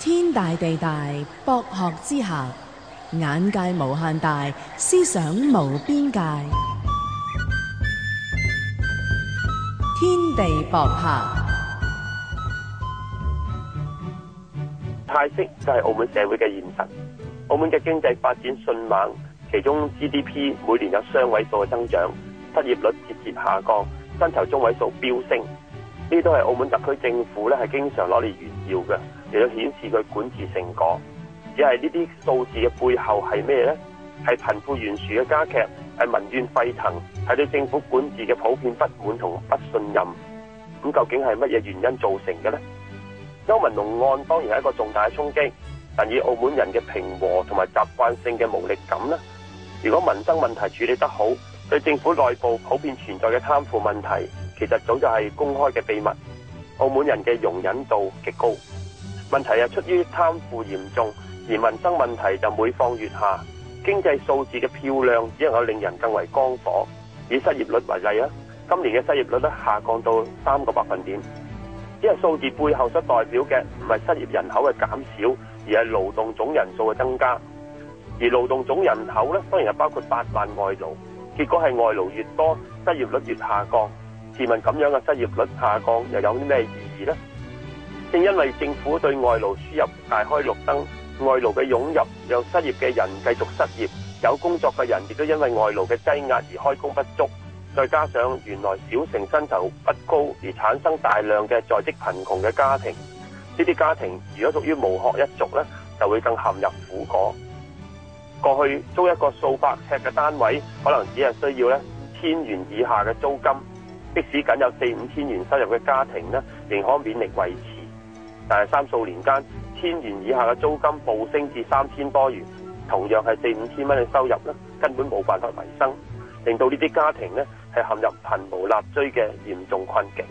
天大地大，博學之下眼界無限大，思想無邊界。天地博客，泰式就係澳門社會嘅現實。澳門嘅經濟發展迅猛，其中 GDP 每年有雙位數嘅增長，失業率節節下降，薪酬中位數飆升，呢都係澳門特區政府咧係經常攞嚟炫耀嘅。其實顯示佢管治成果，只係呢啲數字嘅背後係咩呢？係貧富懸殊嘅加劇，係民怨沸騰，係對政府管治嘅普遍不滿同不信任。咁究竟係乜嘢原因造成嘅呢？歐文龍案當然係一個重大嘅衝擊，但以澳門人嘅平和同埋習慣性嘅無力感呢，如果民生問題處理得好，對政府內部普遍存在嘅貪腐問題，其實早就係公開嘅秘密。澳門人嘅容忍度極高。問題又出於貪腐嚴重，而民生問題就每況愈下。經濟數字嘅漂亮，只能夠令人更為光火。以失業率為例啊，今年嘅失業率咧，下降到三個百分點，因為數字背後所代表嘅唔係失業人口嘅減少，而係勞動總人數嘅增加。而勞動總人口咧，當然係包括八萬外勞。結果係外勞越多，失業率越下降。試問咁樣嘅失業率下降，又有啲咩意義呢？正因為政府對外勞輸入大開綠燈，外勞嘅湧入有失業嘅人繼續失業，有工作嘅人亦都因為外勞嘅擠壓而開工不足，再加上原來小城薪酬不高而產生大量嘅在職貧窮嘅家庭，呢啲家庭如果屬於無學一族呢，就會更陷入苦果。過去租一個數百尺嘅單位，可能只係需要呢千元以下嘅租金，即使僅有四五千元收入嘅家庭呢，仍可勉力維持。但係三數年間，千元以下嘅租金暴升至三千多元，同樣係四五千蚊嘅收入咧，根本冇辦法維生，令到呢啲家庭咧係陷入貧無立錐嘅嚴重困境。